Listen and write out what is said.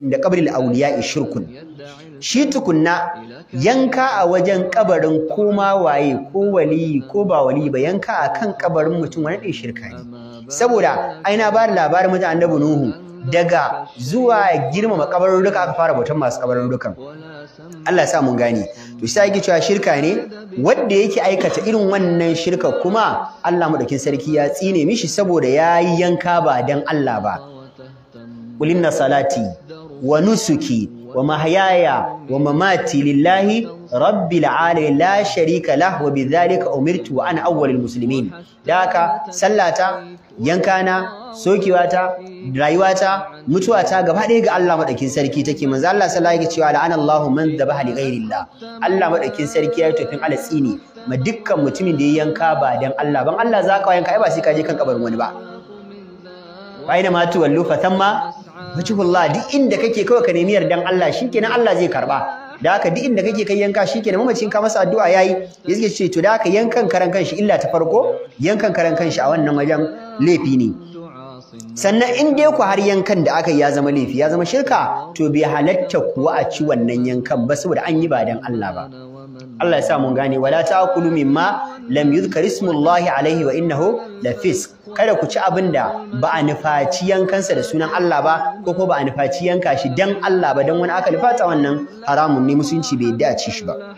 da kabril auliya shirkun shi tukunna yanka a wajen kabarin koma waye ko wali ko ba wali ba yanka a kan kabarin mutum wani ɗin shirka ne saboda aina ba da labarin mutum annabi nuhu daga zuwa girmama kabarin duka aka fara bautan masu kabarin dukan Allah ya sa mun gane to shi yake cewa shirka ne wanda yake aikata irin wannan shirka kuma Allah madaukin sarki ya tsine mishi saboda yayi yanka ba dan Allah ba qul inna salati wa nusuki wa mahyaya wa mamati lillahi rabbil alamin la sharika lah wa umirtu wa ana awwalul Da daka sallata yanka yankana sokewata rayuwata mutuwa ta, gaba ɗaya ga Allah madaukin sarki take manzo Allah sallallahu alaihi cewa la'ana Allahu man dhabaha li ghairillah Allah madaukin sarki yayi tofin alatsi ne ma dukkan mutumin da ya yanka ba dan Allah ban Allah zaka yanka ba sai ka je kan kabarin wani ba fa ina ma tuwallu fa wajhullah duk inda kake kawai ka nemi yardan Allah shikenan Allah zai karba da haka duk inda kake kai yanka shikenan mamacin ka masa addu'a yayi yake ce to da haka yankan karan kanshi illa ta farko yankan karan kanshi a wannan wajen laifi ne sannan in dai ku har yankan da aka yi ya zama laifi ya zama shirka to bai halatta kuwa a ci wannan yankan ba saboda an yi ba dan Allah ba Allah ya sa mun gane wala ta'kulu mimma lam yuzkar ismullahi alaihi wa innahu lafis kada ku ci abinda ba a nufaci yankansa da sunan Allah ba ko ko ba a nufaci yanka shi dan Allah ba dan wani aka nufata wannan haramun ne musunci bai yadda a shi ba